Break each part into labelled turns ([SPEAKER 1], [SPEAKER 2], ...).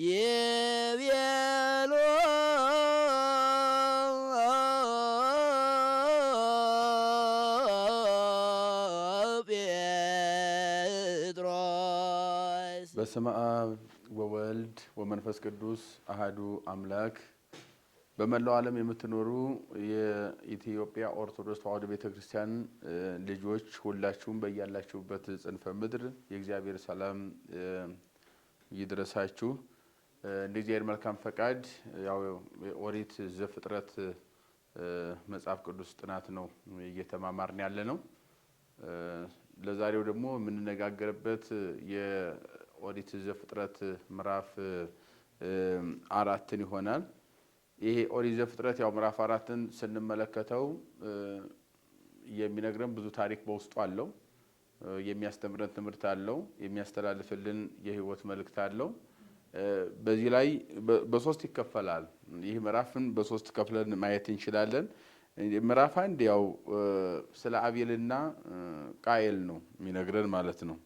[SPEAKER 1] የቤሎጴጥሮስ በስመ አብ ወወልድ ወመንፈስ ቅዱስ አህዱ አምላክ። በመላው ዓለም የምትኖሩ የኢትዮጵያ ኦርቶዶክስ ቤተ ቤተክርስቲያን ልጆች ሁላችሁም በያላችሁበት ጽንፈ ምድር የእግዚአብሔር ሰላም ይድረሳችሁ። እንደዚህ መልካም ፈቃድ ያው ኦሪት ዘፍጥረት መጽሐፍ ቅዱስ ጥናት ነው እየተማማርን ያለ ነው። ለዛሬው ደግሞ የምንነጋገርበት የኦሪት ዘፍጥረት ምዕራፍ አራትን ይሆናል። ይሄ ኦሪት ዘፍጥረት ያው ምዕራፍ አራትን ስንመለከተው የሚነግረን ብዙ ታሪክ በውስጡ አለው። የሚያስተምረን ትምህርት አለው። የሚያስተላልፍልን የህይወት መልእክት አለው። በዚህ ላይ በሶስት ይከፈላል። ይህ ምዕራፍን በሶስት ከፍለን ማየት እንችላለን። ምዕራፍ አንድ ያው ስለ አቤልና ቃየል ነው የሚነግረን ማለት ነው።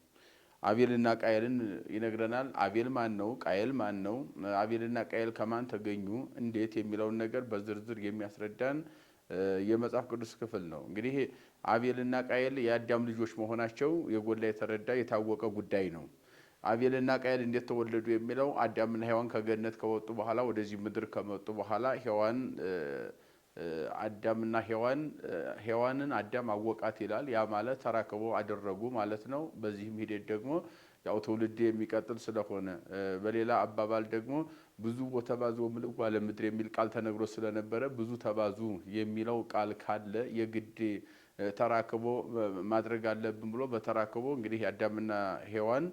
[SPEAKER 1] አቤልና ቃየልን ይነግረናል። አቤል ማን ነው? ቃየል ማን ነው? አቤልና ቃየል ከማን ተገኙ? እንዴት የሚለውን ነገር በዝርዝር የሚያስረዳን የመጽሐፍ ቅዱስ ክፍል ነው። እንግዲህ አቤልና ቃየል የአዳም ልጆች መሆናቸው የጎላ የተረዳ የታወቀ ጉዳይ ነው። አቤልና ቃየል እንዴት ተወለዱ የሚለው አዳምና ሔዋን ከገነት ከወጡ በኋላ ወደዚህ ምድር ከመጡ በኋላ ሔዋን አዳምና ሔዋን ሔዋንን አዳም አወቃት ይላል። ያ ማለት ተራክቦ አደረጉ ማለት ነው። በዚህም ሂደት ደግሞ ያው ትውልድ የሚቀጥል ስለሆነ በሌላ አባባል ደግሞ ብዙ ወተባዙ ምልዋ ለምድር የሚል ቃል ተነግሮ ስለነበረ ብዙ ተባዙ የሚለው ቃል ካለ የግድ ተራክቦ ማድረግ አለብን ብሎ በተራክቦ እንግዲህ አዳምና ሔዋን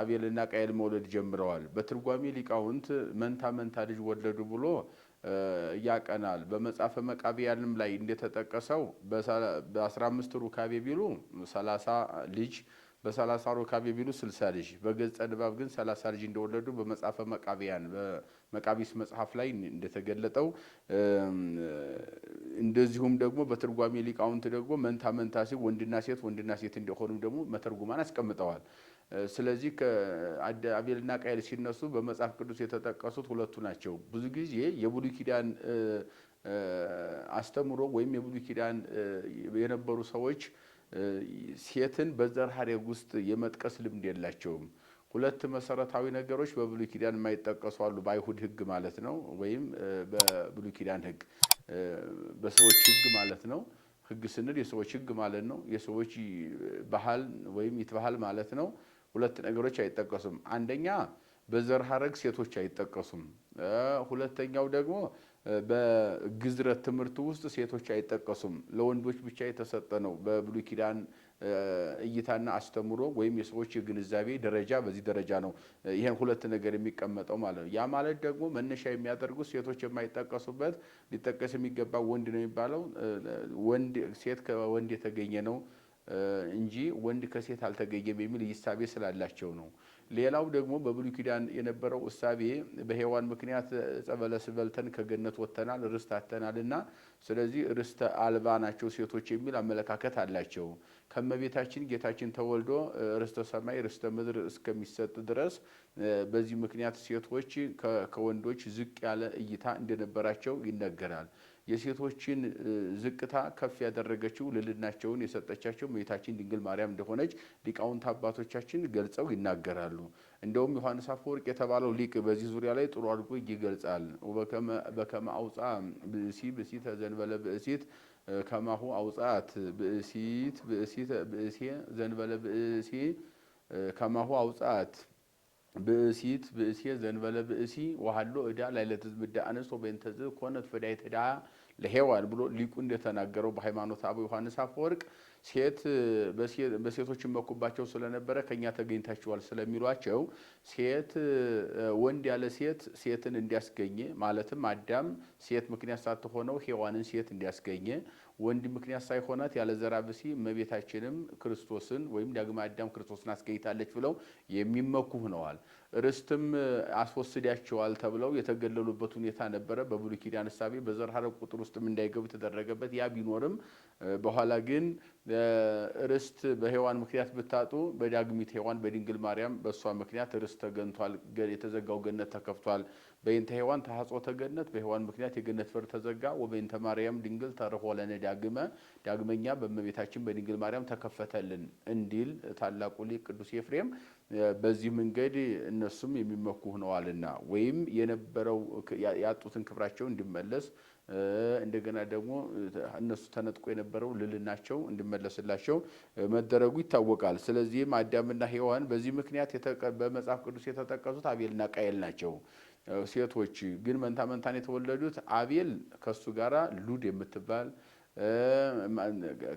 [SPEAKER 1] አቤልና ቃየል መውለድ ጀምረዋል። በትርጓሜ ሊቃውንት መንታ መንታ ልጅ ወለዱ ብሎ ያቀናል። በመጽሐፈ መቃብያንም ላይ እንደተጠቀሰው በ15 ሩካቤ ቢሉ 30 ልጅ በሰላሳ ሩካቤ ቢሉ ስልሳ ልጅ በገጸ ንባብ ግን ሰላሳ ልጅ እንደወለዱ በመጽሐፈ መቃቢያን በመቃቢስ መጽሐፍ ላይ እንደተገለጠው እንደዚሁም ደግሞ በትርጓሜ ሊቃውንት ደግሞ መንታ መንታ ሲ ወንድና ሴት ወንድና ሴት እንደሆኑ ደግሞ መተርጉማን አስቀምጠዋል። ስለዚህ አቤልና ቃየል ሲነሱ በመጽሐፍ ቅዱስ የተጠቀሱት ሁለቱ ናቸው። ብዙ ጊዜ የብሉይ ኪዳን አስተምሮ ወይም የብሉይ ኪዳን የነበሩ ሰዎች ሴትን በዘር ሐረግ ውስጥ የመጥቀስ ልምድ የላቸውም። ሁለት መሰረታዊ ነገሮች በብሉይ ኪዳን የማይጠቀሱ አሉ። በአይሁድ ሕግ ማለት ነው፣ ወይም በብሉይ ኪዳን ሕግ በሰዎች ሕግ ማለት ነው። ሕግ ስንል የሰዎች ሕግ ማለት ነው። የሰዎች ባህል ወይም ይትባህል ማለት ነው። ሁለት ነገሮች አይጠቀሱም። አንደኛ በዘር ሀረግ ሴቶች አይጠቀሱም። ሁለተኛው ደግሞ በግዝረት ትምህርት ውስጥ ሴቶች አይጠቀሱም። ለወንዶች ብቻ የተሰጠ ነው። በብሉይ ኪዳን እይታና አስተምሮ ወይም የሰዎች የግንዛቤ ደረጃ በዚህ ደረጃ ነው። ይህን ሁለት ነገር የሚቀመጠው ማለት ነው። ያ ማለት ደግሞ መነሻ የሚያደርጉት ሴቶች የማይጠቀሱበት ሊጠቀስ የሚገባ ወንድ ነው የሚባለው ወንድ ሴት ከወንድ የተገኘ ነው እንጂ ወንድ ከሴት አልተገኘም የሚል እሳቤ ስላላቸው ነው። ሌላው ደግሞ በብሉይ ኪዳን የነበረው እሳቤ በሔዋን ምክንያት ዕፀ በለስ በልተን ከገነት ወጥተናል፣ ርስት አተናል እና ስለዚህ ርስተ አልባ ናቸው ሴቶች የሚል አመለካከት አላቸው። ከመቤታችን ጌታችን ተወልዶ ርስተ ሰማይ ርስተ ምድር እስከሚሰጥ ድረስ በዚህ ምክንያት ሴቶች ከወንዶች ዝቅ ያለ እይታ እንደነበራቸው ይነገራል። የሴቶችን ዝቅታ ከፍ ያደረገችው ልልናቸውን የሰጠቻቸው እመቤታችን ድንግል ማርያም እንደሆነች ሊቃውንት አባቶቻችን ገልጸው ይናገራሉ። እንደውም ዮሐንስ አፈወርቅ የተባለው ሊቅ በዚህ ዙሪያ ላይ ጥሩ አድርጎ ይገልጻል። በከመ አውፃ ብእሲ ብእሲተ ተዘንበለ ብእሲት ከማሁ አውፃት ብእሲት ብእሴ ዘንበለ ብእሲ ከማሁ አውፃት ብእሲት ብእሴ ዘንበለ ብእሲ ወሃሎ ዕዳ ላዕለ ትዝምዳእ አንስቶ ቤንተዝ ኮነ ፈዳይት ዕዳ ለሔዋን ብሎ ሊቁ እንደተናገረው በሃይማኖት አበ ዮሐንስ አፈወርቅ ሴት በሴቶች መኩባቸው ስለነበረ ከኛ ተገኝታችኋል ስለሚሏቸው ሴት ወንድ ያለ ሴት ሴትን እንዲያስገኘ ማለትም አዳም ሴት ምክንያት ሳትሆነው ሔዋንን ሴት እንዲያስገኘ ወንድ ምክንያት ሳይሆናት ያለ ዘራ ብሲ እመቤታችንም ክርስቶስን ወይም ዳግማ አዳም ክርስቶስን አስገኝታለች ብለው የሚመኩ ሆነዋል። ርስትም አስወስዳቸዋል ተብለው የተገለሉበት ሁኔታ ነበረ። በብሉይ ኪዳን እሳቤ በዘር ሐረግ ቁጥር ውስጥም እንዳይገቡ የተደረገበት ያ ቢኖርም በኋላ ግን ርስት በሔዋን ምክንያት ብታጡ በዳግሚት ሔዋን በድንግል ማርያም በእሷ ምክንያት ርስት ተገንቷል፣ የተዘጋው ገነት ተከፍቷል በእንተ ሔዋን ተሐጾተ ተገነት በሔዋን ምክንያት የገነት በር ተዘጋ። ወበእንተ ማርያም ድንግል ተርሆ ለነ ዳግመ ዳግመኛ በእመቤታችን በድንግል ማርያም ተከፈተልን እንዲል ታላቁ ሊቅ ቅዱስ ኤፍሬም በዚህ መንገድ እነሱም የሚመኩ ሆነዋልና ወይም የነበረው ያጡትን ክብራቸው እንዲመለስ እንደገና ደግሞ እነሱ ተነጥቆ የነበረው ልልናቸው እንዲመለስላቸው መደረጉ ይታወቃል። ስለዚህም አዳምና ሔዋን በዚህ ምክንያት በመጽሐፍ ቅዱስ የተጠቀሱት አቤልና ቃየል ናቸው። ሴቶች ግን መንታ መንታን የተወለዱት አቤል ከሱ ጋራ ሉድ የምትባል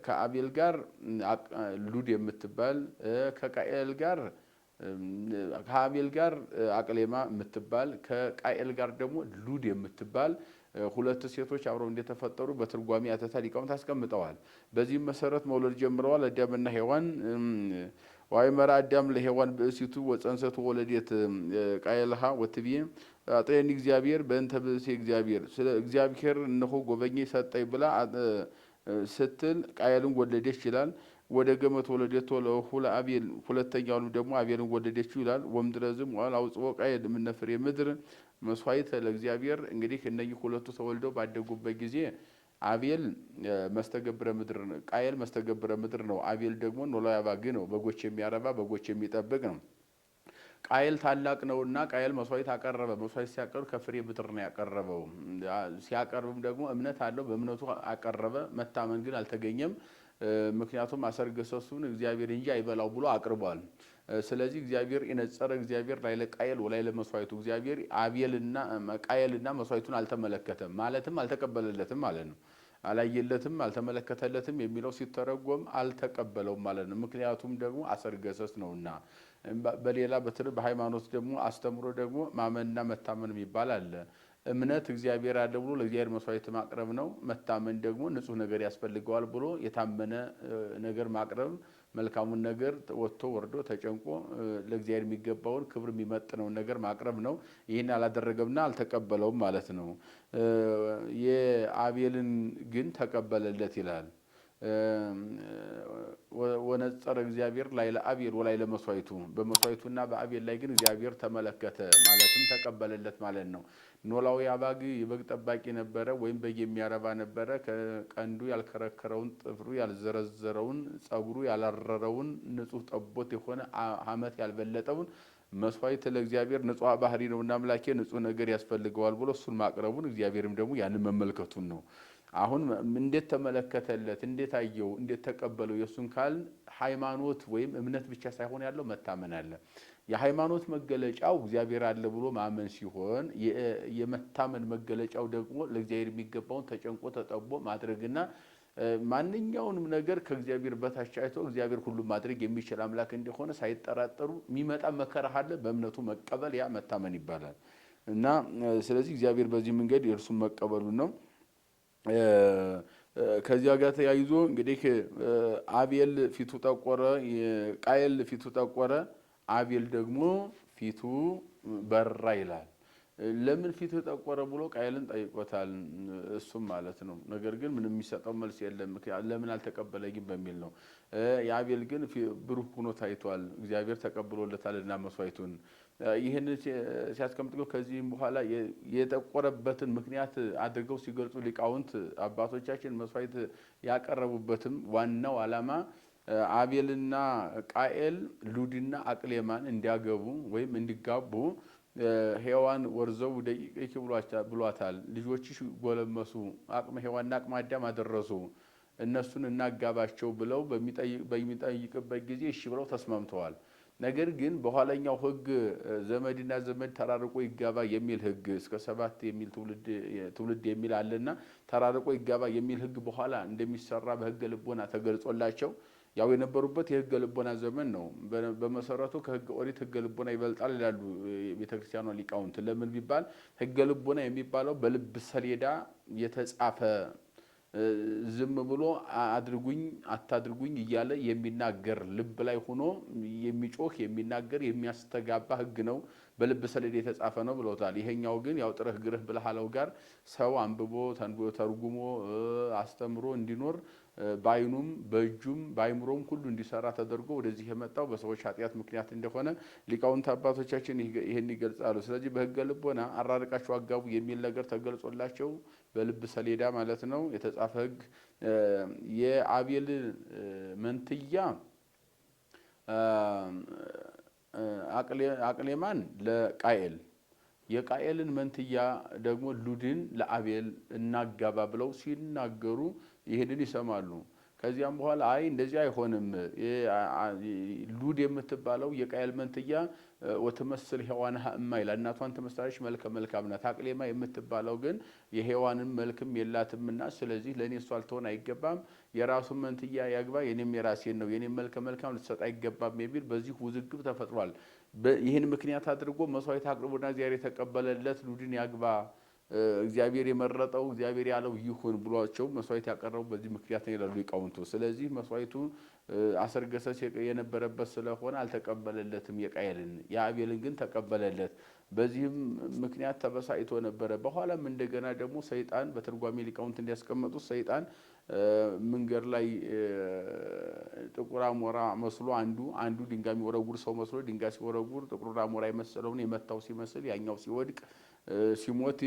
[SPEAKER 1] ከአቤል ጋር ሉድ የምትባል ከቃኤል ጋር ከአቤል ጋር አቅሌማ የምትባል ከቃኤል ጋር ደግሞ ሉድ የምትባል ሁለት ሴቶች አብረው እንደተፈጠሩ በትርጓሚ አተታ ሊቃውንት አስቀምጠዋል። በዚህም መሰረት መውለድ ጀምረዋል። አዳምና ሔዋን ዋይመራ አዳም ለሔዋን ብእሲቱ ወፀንሰቱ ወለዴት ቃየልሃ ወትቤ አጥየኒ እግዚአብሔር በእንተ ብእሴ እግዚአብሔር ስለ እግዚአብሔር እነሆ ጎበኘ ሰጠኝ ብላ ስትል ቃየልን ወለደች ይላል። ወደ ገመት ወለደቶ ለሁለ አቤል ሁለተኛውንም ደግሞ አቤልን ወለደች ይላል። ወምድረዝም ዋል አውጽቦ ቃየል የምነፍር የምድር መስዋዕት ለእግዚአብሔር። እንግዲህ እነኚህ ሁለቱ ተወልደው ባደጉበት ጊዜ አቤል መስተገብረ ምድር ቃየል መስተገብረ ምድር ነው። አቤል ደግሞ ኖላዊ አባጊ ነው፣ በጎች የሚያረባ በጎች የሚጠብቅ ነው። ቃየል ታላቅ ነውና ቃየል መስዋዕት አቀረበ። መስዋዕት ሲያቀርብ ከፍሬ ብትር ነው ያቀረበው። ሲያቀርብም ደግሞ እምነት አለው። በእምነቱ አቀረበ። መታመን ግን አልተገኘም። ምክንያቱም አሰርገሰሱን እግዚአብሔር እንጂ አይበላው ብሎ አቅርቧል። ስለዚህ እግዚአብሔር የነጸረ እግዚአብሔር ላይ ለቃየል ወላይ ለመስዋዕቱ እግዚአብሔር አቤልና ቃየልና መስዋዕቱን አልተመለከተም ማለትም አልተቀበለለትም ማለት ነው። አላየለትም አልተመለከተለትም የሚለው ሲተረጎም አልተቀበለውም ማለት ነው። ምክንያቱም ደግሞ አሰርገሰስ ነውና። በሌላ በተለይ በሃይማኖት ደግሞ አስተምሮ ደግሞ ማመንና መታመን የሚባል አለ። እምነት እግዚአብሔር አለ ብሎ ለእግዚአብሔር መስዋዕት ማቅረብ ነው። መታመን ደግሞ ንጹሕ ነገር ያስፈልገዋል ብሎ የታመነ ነገር ማቅረብ መልካሙን ነገር ወጥቶ ወርዶ ተጨንቆ ለእግዚአብሔር የሚገባውን ክብር የሚመጥነውን ነገር ማቅረብ ነው። ይህን አላደረገምና አልተቀበለውም ማለት ነው። የአቤልን ግን ተቀበለለት ይላል። ወነጸረ እግዚአብሔር ላይ ለአቤል ወላይ ለመስዋዕቱ በመስዋዕቱና በአቤል ላይ ግን እግዚአብሔር ተመለከተ ማለትም ተቀበለለት ማለት ነው። ኖላዊ አባግ የበግ ጠባቂ ነበረ፣ ወይም በግ የሚያረባ ነበረ። ከቀንዱ ያልከረከረውን፣ ጥፍሩ ያልዘረዘረውን፣ ጸጉሩ ያላረረውን፣ ንጹህ ጠቦት የሆነ አመት ያልበለጠውን መስዋዕት ለእግዚአብሔር ንጹሕ ባህሪ ነውና አምላኬ ንጹህ ነገር ያስፈልገዋል ብሎ እሱን ማቅረቡን እግዚአብሔርም ደግሞ ያንን መመልከቱን ነው። አሁን እንዴት ተመለከተለት፣ እንዴት አየው፣ እንዴት ተቀበለው የእሱን ካል ሃይማኖት ወይም እምነት ብቻ ሳይሆን ያለው መታመን አለ። የሃይማኖት መገለጫው እግዚአብሔር አለ ብሎ ማመን ሲሆን የመታመን መገለጫው ደግሞ ለእግዚአብሔር የሚገባውን ተጨንቆ ተጠቦ ማድረግና ማንኛውንም ነገር ከእግዚአብሔር በታች አይቶ እግዚአብሔር ሁሉም ማድረግ የሚችል አምላክ እንደሆነ ሳይጠራጠሩ የሚመጣ መከራ አለ በእምነቱ መቀበል ያ መታመን ይባላል እና ስለዚህ እግዚአብሔር በዚህ መንገድ የእርሱን መቀበሉን ነው። ከዚያ ጋር ተያይዞ እንግዲህ አቤል ፊቱ ጠቆረ፣ ቃየል ፊቱ ጠቆረ፣ አቤል ደግሞ ፊቱ በራ ይላል። ለምን ፊቱ ጠቆረ ብሎ ቃየልን ጠይቆታል፣ እሱም ማለት ነው። ነገር ግን ምንም የሚሰጠው መልስ የለም፣ ለምን አልተቀበለኝም በሚል ነው። የአቤል ግን ብሩህ ሆኖ ታይቷል፣ እግዚአብሔር ተቀብሎለታልና መስዋዕቱን ይህን ሲያስቀምጥ ከዚህም በኋላ የጠቆረበትን ምክንያት አድርገው ሲገልጹ ሊቃውንት አባቶቻችን መስዋዕት ያቀረቡበትም ዋናው ዓላማ አቤልና ቃኤል ሉድና አቅሌማን እንዲያገቡ ወይም እንዲጋቡ ሔዋን ወርዘው ደቂቅ ብሏታል። ልጆችሽ ጎለመሱ፣ አቅመ ሔዋንና አቅመ አዳም አደረሱ፣ እነሱን እናጋባቸው ብለው በሚጠይቅበት ጊዜ እሺ ብለው ተስማምተዋል። ነገር ግን በኋላኛው ህግ ዘመድና ዘመድ ተራርቆ ይጋባ የሚል ህግ እስከ ሰባት የሚል ትውልድ የሚል አለና ተራርቆ ይጋባ የሚል ህግ በኋላ እንደሚሰራ በህገ ልቦና ተገልጾላቸው ያው የነበሩበት የህገ ልቦና ዘመን ነው። በመሰረቱ ከህገ ኦሪት ህገ ልቦና ይበልጣል ይላሉ ቤተክርስቲያኗ ሊቃውንት። ለምን ቢባል ህገ ልቦና የሚባለው በልብ ሰሌዳ የተጻፈ ዝም ብሎ አድርጉኝ አታድርጉኝ እያለ የሚናገር ልብ ላይ ሆኖ የሚጮህ የሚናገር የሚያስተጋባ ህግ ነው። በልብ ሰሌዳ የተጻፈ ነው ብሎታል። ይሄኛው ግን ያው ጥረህ ግርህ ብለሃለው ጋር ሰው አንብቦ ተርጉሞ አስተምሮ እንዲኖር በአይኑም በእጁም በአይምሮም ሁሉ እንዲሰራ ተደርጎ ወደዚህ የመጣው በሰዎች ኃጢአት ምክንያት እንደሆነ ሊቃውንት አባቶቻችን ይህን ይገልጻሉ። ስለዚህ በሕገ ልቦና አራርቃቸው አጋቡ የሚል ነገር ተገልጾላቸው በልብ ሰሌዳ ማለት ነው የተጻፈ ህግ የአቤል መንትያ አቅሌማን ለቃኤል የቃኤልን መንትያ ደግሞ ሉድን ለአቤል እናጋባ ብለው ሲናገሩ ይሄንን ይሰማሉ። ከዚያም በኋላ አይ እንደዚህ አይሆንም፣ ሉድ የምትባለው የቃኤል መንትያ ወትመስል ሔዋንሃ እማይላ እናቷን ትመስላለች፣ መልከ መልካም ናት። አቅሌማ የምትባለው ግን የሔዋንን መልክም የላትምና ስለዚህ ለእኔ እሷ ልትሆን አይገባም፣ የራሱ መንትያ ያግባ፣ የኔም የራሴን ነው፣ የኔም መልከ መልካም ልትሰጥ አይገባም የሚል በዚህ ውዝግብ ተፈጥሯል። ይህን ምክንያት አድርጎ መስዋዕት አቅርቦና እግዚአብሔር የተቀበለለት ሉድን ያግባ እግዚአብሔር የመረጠው እግዚአብሔር ያለው ይሁን ብሏቸው መስዋዕት ያቀረቡ በዚህ ምክንያት ነው ይላሉ ሊቃውንቱ። ስለዚህ መስዋዕቱ ገሰስ የነበረበት ስለሆነ አልተቀበለለትም የቃየልን የአቤልን ግን ተቀበለለት። በዚህም ምክንያት ተበሳጭቶ ነበረ። በኋላም እንደገና ደግሞ ሰይጣን በትርጓሜ ሊቃውንት እንዲያስቀመጡት ሰይጣን መንገድ ላይ ጥቁር አሞራ መስሎ አንዱ አንዱ ድንጋይ የሚወረውር ሰው መስሎ ድንጋይ ሲወረውር ጥቁር አሞራ የመሰለውን የመታው ሲመስል ያኛው ሲወድቅ ሲሞት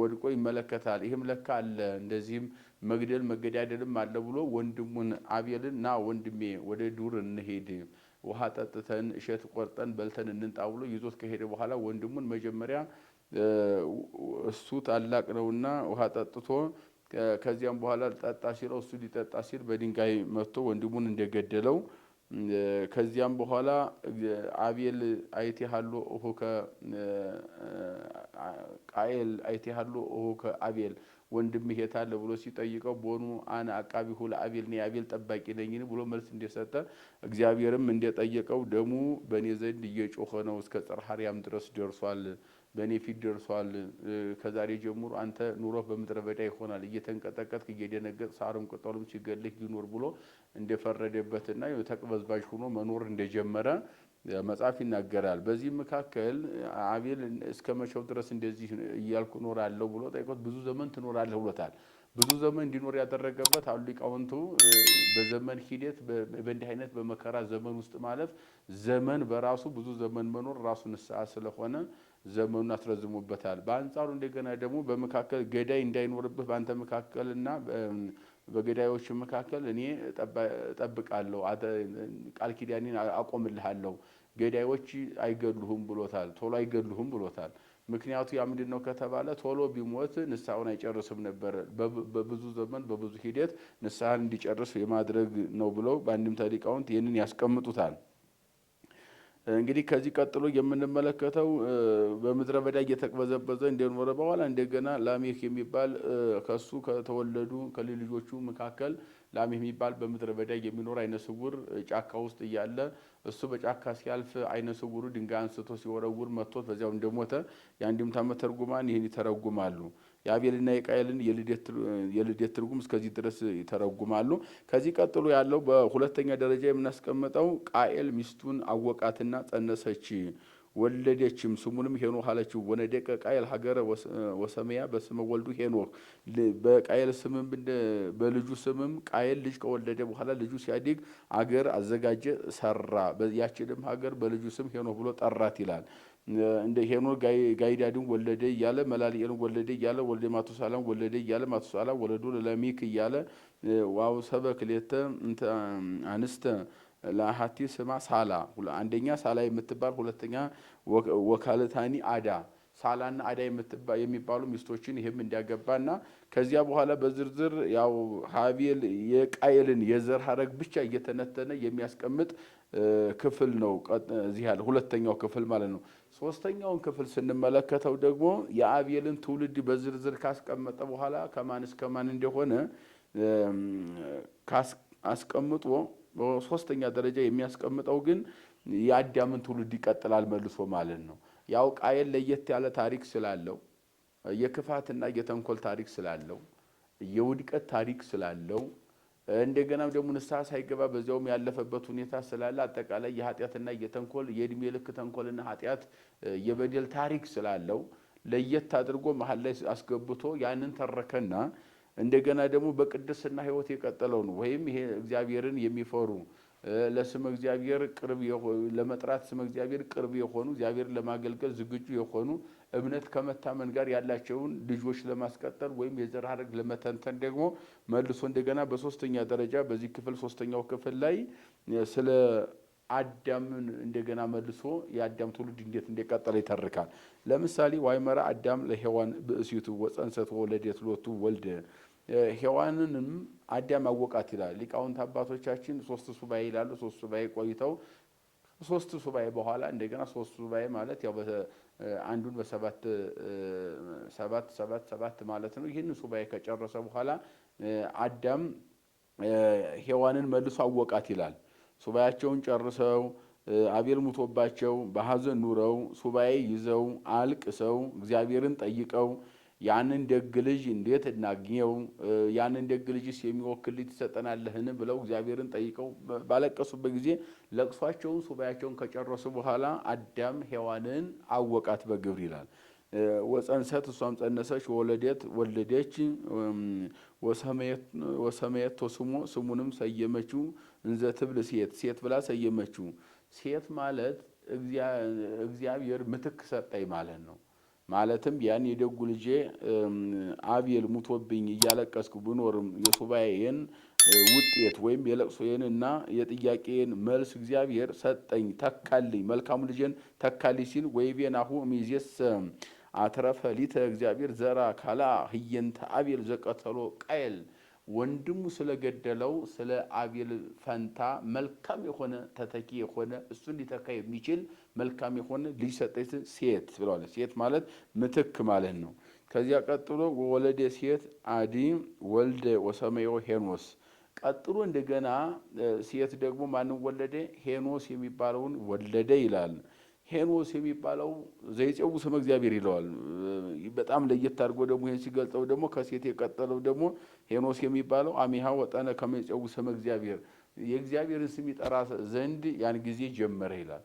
[SPEAKER 1] ወድቆ ይመለከታል። ይህም ለካ አለ እንደዚህም መግደል መገዳደልም አለ ብሎ ወንድሙን አቤልን ና ወንድሜ ወደ ዱር እንሄድ ውሃ ጠጥተን እሸት ቆርጠን በልተን እንንጣ ብሎ ይዞት ከሄደ በኋላ ወንድሙን መጀመሪያ እሱ ታላቅ ነውና ውሃ ጠጥቶ ከዚያም በኋላ ጠጣ ሲለው እሱ ሊጠጣ ሲል በድንጋይ መጥቶ ወንድሙን እንደገደለው ከዚያም በኋላ አቤል አይቴሃሎ ሆከ ቃኤል አይቴሃሎ ሆከ አቤል ወንድም የት አለ ብሎ ሲጠይቀው ቦኑ አነ አቃቢሁ ለአቤል እኔ የአቤል ጠባቂ ነኝ ብሎ መልስ እንደሰጠ እግዚአብሔርም እንደጠየቀው ደሙ በእኔ ዘንድ እየጮኸ ነው፣ እስከ ጽርሐርያም ድረስ ደርሷል፣ በእኔ ፊት ደርሷል። ከዛሬ ጀምሮ አንተ ኑሮህ በምድረ በዳ ይሆናል፣ እየተንቀጠቀጥክ እየደነገጥ ሳርም ቅጠሉም ሲገልህ ይኑር ብሎ እንደፈረደበትና ተቅበዝባዥ ሆኖ መኖር እንደጀመረ መጽሐፍ ይናገራል። በዚህ መካከል አቤል እስከ መቼው ድረስ እንደዚህ እያልኩ እኖራለሁ ብሎ ጠይቆት ብዙ ዘመን ትኖራለህ ብሎታል። ብዙ ዘመን እንዲኖር ያደረገበት አሉ ሊቃውንቱ በዘመን ሂደት በእንዲህ አይነት በመከራ ዘመን ውስጥ ማለፍ ዘመን በራሱ ብዙ ዘመን መኖር ራሱ ንስሐ ስለሆነ ዘመኑን አስረዝሞበታል። በአንጻሩ እንደገና ደግሞ በመካከል ገዳይ እንዳይኖርብህ በአንተ መካከልና በገዳዮች መካከል እኔ እጠብቃለሁ፣ ቃል ኪዳኔን አቆምልሃለሁ፣ ገዳዮች አይገሉሁም ብሎታል። ቶሎ አይገሉሁም ብሎታል። ምክንያቱ ያ ምንድን ነው ከተባለ ቶሎ ቢሞት ንስሐውን አይጨርስም ነበር። በብዙ ዘመን በብዙ ሂደት ንስሐን እንዲጨርስ የማድረግ ነው ብለው በአንድም ተሊቃውንት ይህንን ያስቀምጡታል። እንግዲህ ከዚህ ቀጥሎ የምንመለከተው በምድረ በዳ እየተቅበዘበዘ እንደኖረ በኋላ እንደገና ላሜህ የሚባል ከሱ ከተወለዱ ከልጅ መካከል ላሜህ የሚባል በምድረ በዳ የሚኖር አይነ ስውር ጫካ ውስጥ እያለ እሱ በጫካ ሲያልፍ አይነ ስውሩ ድንጋይ አንስቶ ሲወረውር መጥቶት በዚያው እንደሞተ የአንድምታ መተርጉማን ይህን ይተረጉማሉ። የአቤልና የቃየልን የልደት ትርጉም እስከዚህ ድረስ ይተረጉማሉ። ከዚህ ቀጥሎ ያለው በሁለተኛ ደረጃ የምናስቀምጠው ቃኤል ሚስቱን አወቃትና ጸነሰች ወለደችም ስሙንም ሄኖህ አለችው። ወነደቀ ቃየል ሀገረ ወሰማያ በስመ ወልዱ ሄኖህ። በቃየል ስምም በልጁ ስምም ቃየል ልጅ ከወለደ በኋላ ልጁ ሲያድግ አገር አዘጋጀ፣ ሰራ። ያችንም ሀገር በልጁ ስም ሄኖህ ብሎ ጠራት ይላል። እንደ ሄኖ ጋይዳድን ወለደ እያለ መላልኤልን ወለደ እያለ ወልደ ማቱሳላን ወለደ እያለ ማቱሳላ ወለዶ ለሚክ እያለ ዋው ሰበክ ሌተ አንስተ ለአሀቲ ስማ ሳላ አንደኛ ሳላ የምትባል ሁለተኛ ወካለታኒ አዳ ሳላና አዳ የሚባሉ ሚስቶችን ይህም እንዲያገባ እንዲያገባና ከዚያ በኋላ በዝርዝር ያው ሀቤል የቃየልን የዘር ሀረግ ብቻ እየተነተነ የሚያስቀምጥ ክፍል ነው። እዚህ ያለ ሁለተኛው ክፍል ማለት ነው። ሶስተኛውን ክፍል ስንመለከተው ደግሞ የአቤልን ትውልድ በዝርዝር ካስቀመጠ በኋላ ከማን እስከ ማን እንደሆነ አስቀምጦ በሶስተኛ ደረጃ የሚያስቀምጠው ግን የአዳምን ትውልድ ይቀጥላል መልሶ ማለት ነው። ያው ቃየል ለየት ያለ ታሪክ ስላለው የክፋትና የተንኮል ታሪክ ስላለው የውድቀት ታሪክ ስላለው እንደገና ደግሞ ንስሐ ሳይገባ በዚያውም ያለፈበት ሁኔታ ስላለ አጠቃላይ የኃጢአትና የተንኮል የእድሜ ልክ ተንኮልና ኃጢአት የበደል ታሪክ ስላለው ለየት አድርጎ መሀል ላይ አስገብቶ ያንን ተረከና እንደገና ደግሞ በቅድስና ህይወት የቀጠለው ነው። ወይም ይሄ እግዚአብሔርን የሚፈሩ ለስም እግዚአብሔር ቅርብ ለመጥራት ስም እግዚአብሔር ቅርብ የሆኑ እግዚአብሔርን ለማገልገል ዝግጁ የሆኑ እምነት ከመታመን ጋር ያላቸውን ልጆች ለማስቀጠል ወይም የዘር ሐረግ ለመተንተን ደግሞ መልሶ እንደገና በሶስተኛ ደረጃ በዚህ ክፍል ሶስተኛው ክፍል ላይ ስለ አዳምን እንደገና መልሶ የአዳም ትውልድ እንዴት እንደቀጠለ ይተርካል። ለምሳሌ ዋይመራ አዳም ለሔዋን ብእሲቱ ወፀንሰት ወለደት ሎቱ ወልደ ሔዋንንም አዳም አወቃት ይላል። ሊቃውንት አባቶቻችን ሶስት ሱባኤ ይላሉ። ሶስት ሱባኤ ቆይተው ሶስት ሱባኤ በኋላ እንደገና ሶስት ሱባኤ ማለት ያው አንዱን በሰባት ሰባት ሰባት ሰባት ማለት ነው። ይህን ሱባኤ ከጨረሰ በኋላ አዳም ሔዋንን መልሶ አወቃት ይላል። ሱባኤያቸውን ጨርሰው አቤል ሙቶባቸው በሐዘን ኑረው ሱባኤ ይዘው አልቅሰው እግዚአብሔርን ጠይቀው ያንን ደግ ልጅ እንዴት እናግኘው? ያንን ደግ ልጅስ የሚወክል ልጅ ትሰጠናለህን? ብለው እግዚአብሔርን ጠይቀው ባለቀሱበት ጊዜ ለቅሷቸውን፣ ሱባያቸውን ከጨረሱ በኋላ አዳም ሔዋንን አወቃት በግብር ይላል። ወፀንሰት እሷም ፀነሰች ወለደት ወለደች፣ ወሰመየቶ ስሙ ስሙንም ሰየመችው፣ እንዘ ትብል ሴት ሴት ብላ ሰየመችው። ሴት ማለት እግዚአብሔር ምትክ ሰጠኝ ማለት ነው። ማለትም ያን የደጉ ልጄ አቤል ሙቶብኝ እያለቀስኩ ብኖርም የሱባኤን ውጤት ወይም የለቅሶዬን እና የጥያቄን መልስ እግዚአብሔር ሰጠኝ ተካልኝ፣ መልካሙ ልጄን ተካልኝ ሲል ወይቤናሁ እምይእዜሰ አትረፈ ሊተ እግዚአብሔር ዘራ ካላ ህየንተ አቤል ዘቀተሎ ቃየል ወንድሙ ስለገደለው ስለ አቤል ፈንታ መልካም የሆነ ተተኪ የሆነ እሱ ሊተካ የሚችል መልካም የሆነ ልጅ ሰጠች ሴት ብለዋል። ሴት ማለት ምትክ ማለት ነው። ከዚያ ቀጥሎ ወለደ ሴት አዲ ወልደ ወሰመዮ ሄኖስ። ቀጥሎ እንደገና ሴት ደግሞ ማንም ወለደ ሄኖስ የሚባለውን ወለደ ይላል። ሄኖስ የሚባለው ዘይጼው ስመ እግዚአብሔር ይለዋል። በጣም ለየት አድርጎ ደግሞ ይህን ሲገልጸው ደግሞ ከሴት የቀጠለው ደግሞ ሄኖስ የሚባለው አሚሃ ወጠነ ከመጼው ስመ እግዚአብሔር የእግዚአብሔርን ስም ይጠራ ዘንድ ያን ጊዜ ጀመረ ይላል።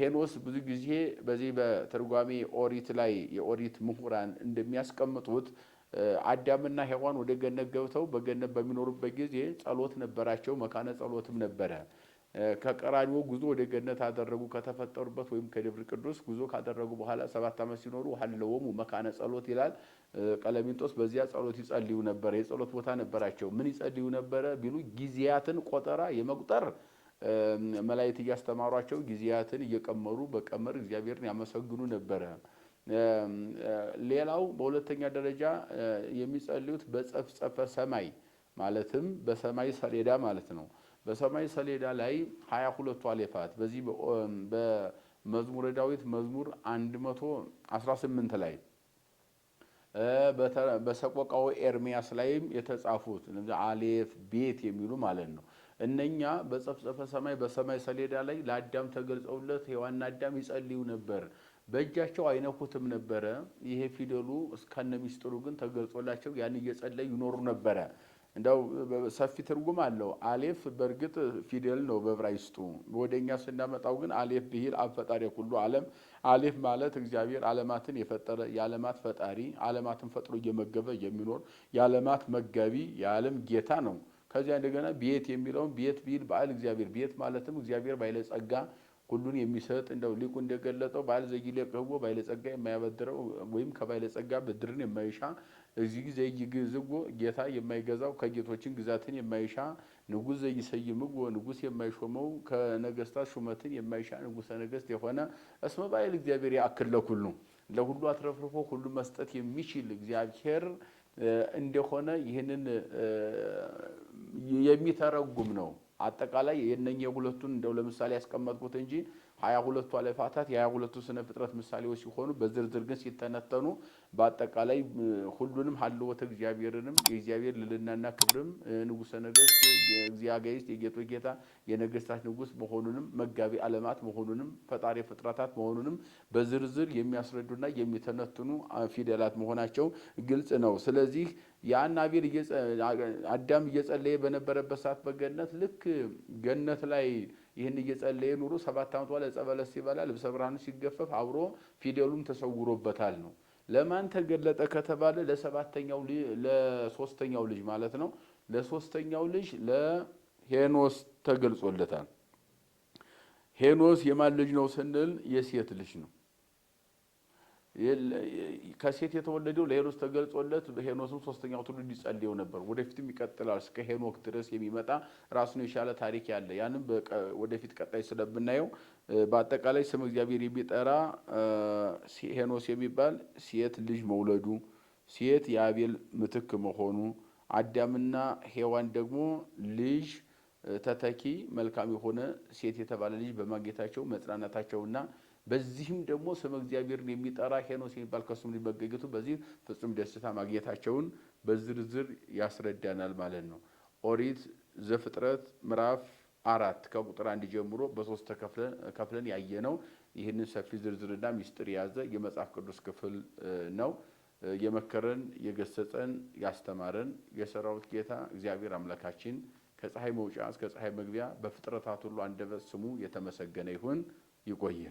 [SPEAKER 1] ሄኖስ ብዙ ጊዜ በዚህ በትርጓሜ ኦሪት ላይ የኦሪት ምሁራን እንደሚያስቀምጡት አዳምና ሔዋን ወደ ገነት ገብተው በገነት በሚኖሩበት ጊዜ ጸሎት ነበራቸው። መካነ ጸሎትም ነበረ። ከቀራኒዎ ጉዞ ወደ ገነት አደረጉ። ከተፈጠሩበት ወይም ከደብረ ቅዱስ ጉዞ ካደረጉ በኋላ ሰባት ዓመት ሲኖሩ ሀለወሙ መካነ ጸሎት ይላል። ቀለሚንጦስ በዚያ ጸሎት ይጸልዩ ነበረ። የጸሎት ቦታ ነበራቸው። ምን ይጸልዩ ነበረ ቢሉ ጊዜያትን ቆጠራ የመቁጠር መላእክት እያስተማሯቸው ጊዜያትን እየቀመሩ በቀመር እግዚአብሔርን ያመሰግኑ ነበረ። ሌላው በሁለተኛ ደረጃ የሚጸልዩት በጸፍጸፈ ሰማይ ማለትም በሰማይ ሰሌዳ ማለት ነው። በሰማይ ሰሌዳ ላይ ሀያ ሁለቱ አሌፋት በዚህ በመዝሙረ ዳዊት መዝሙር 118 ላይ በሰቆቃው ኤርሚያስ ላይም የተጻፉት አሌፍ ቤት የሚሉ ማለት ነው። እነኛ በጸፍጸፈ ሰማይ በሰማይ ሰሌዳ ላይ ለአዳም ተገልጸውለት ሔዋንና አዳም ይጸልዩ ነበር። በእጃቸው አይነኩትም ነበረ። ይሄ ፊደሉ እስከነ ሚስጥሩ ግን ተገልጾላቸው ያን እየጸለዩ ይኖሩ ነበረ። እንደው ሰፊ ትርጉም አለው። አሌፍ በእርግጥ ፊደል ነው በዕብራይስጡ። ወደኛ ስናመጣው ግን አሌፍ ብሂል አብ ፈጣሪ ሁሉ ዓለም። አሌፍ ማለት እግዚአብሔር ዓለማትን የፈጠረ የዓለማት ፈጣሪ፣ ዓለማትን ፈጥሮ እየመገበ የሚኖር የዓለማት መጋቢ፣ የዓለም ጌታ ነው። ከዚያ እንደገና ቤት የሚለውን ቤት ብሂል በዓል እግዚአብሔር ቤት ማለትም እግዚአብሔር ባለጸጋ ሁሉን የሚሰጥ እንደው ሊቁ እንደገለጠው ባል ዘጊ ለቅህቦ ባለጸጋ የማያበድረው ወይም ከባለጸጋ ብድርን የማይሻ እዚህ ጊዜ ይግዝጎ ጌታ የማይገዛው ከጌቶችን ግዛትን የማይሻ ንጉሥ ዘይሰይምዎ ንጉሥ የማይሾመው ከነገስታት ሹመትን የማይሻ ንጉሠ ነገስት የሆነ እስመ ባይል እግዚአብሔር ያክል ለኩሉ ለሁሉ አትረፍርፎ ሁሉ መስጠት የሚችል እግዚአብሔር እንደሆነ ይህንን የሚተረጉም ነው። አጠቃላይ የነኚህ ሁለቱን እንደው ለምሳሌ ያስቀመጥኩት እንጂ ሀያ ሁለቱ አለፋታት የሀያ ሁለቱ ስነ ፍጥረት ምሳሌዎች ሲሆኑ በዝርዝር ግን ሲተነተኑ በአጠቃላይ ሁሉንም ሀልወተ እግዚአብሔርንም የእግዚአብሔር ልልናና ክብርም ንጉሰ ነገስት እግዚአብሔር የጌቶ ጌታ የነገስታት ንጉስ መሆኑንም መጋቢ አለማት መሆኑንም ፈጣሪ ፍጥረታት መሆኑንም በዝርዝር የሚያስረዱና የሚተነትኑ ፊደላት መሆናቸው ግልጽ ነው። ስለዚህ ያን አቤል አዳም እየጸለየ በነበረበት ሰዓት በገነት ልክ ገነት ላይ ይህን እየጸለየ ኑሮ ሰባት ዓመት በኋላ ዕፀ ሲበላ ልብሰ ብርሃኑ ሲገፈፍ አብሮ ፊደሉም ተሰውሮበታል ነው። ለማን ተገለጠ ከተባለ ለሰባተኛው ለሶስተኛው ልጅ ማለት ነው። ለሶስተኛው ልጅ ለሄኖስ ተገልጾለታል። ሄኖስ የማን ልጅ ነው ስንል የሴት ልጅ ነው። ከሴት የተወለደው ለሄኖስ ተገልጾለት ሄኖስም ሶስተኛው ትውልድ ይጸልየው ነበር። ወደፊትም ይቀጥላል። እስከ ሄኖክ ድረስ የሚመጣ ራሱን የቻለ ታሪክ ያለ ያንም ወደፊት ቀጣይ ስለምናየው በአጠቃላይ ስም እግዚአብሔር የሚጠራ ሄኖስ የሚባል ሴት ልጅ መውለዱ፣ ሴት የአቤል ምትክ መሆኑ፣ አዳምና ሔዋን ደግሞ ልጅ ተተኪ መልካም የሆነ ሴት የተባለ ልጅ በማግኘታቸው መጽናናታቸውና በዚህም ደግሞ ስም እግዚአብሔርን የሚጠራ ሄኖስ የሚባል ከሱም ሊመገኘቱ በዚህ ፍጹም ደስታ ማግኘታቸውን በዝርዝር ያስረዳናል ማለት ነው። ኦሪት ዘፍጥረት ምዕራፍ አራት ከቁጥር አንድ ጀምሮ በሶስት ከፍለን ያየነው ይህንን ሰፊ ዝርዝርና ሚስጥር የያዘ የመጽሐፍ ቅዱስ ክፍል ነው። የመከረን የገሰጸን ያስተማረን የሰራዊት ጌታ እግዚአብሔር አምላካችን ከፀሐይ መውጫ እስከ ፀሐይ መግቢያ በፍጥረታት ሁሉ አንደበት ስሙ የተመሰገነ ይሁን። ይቆየ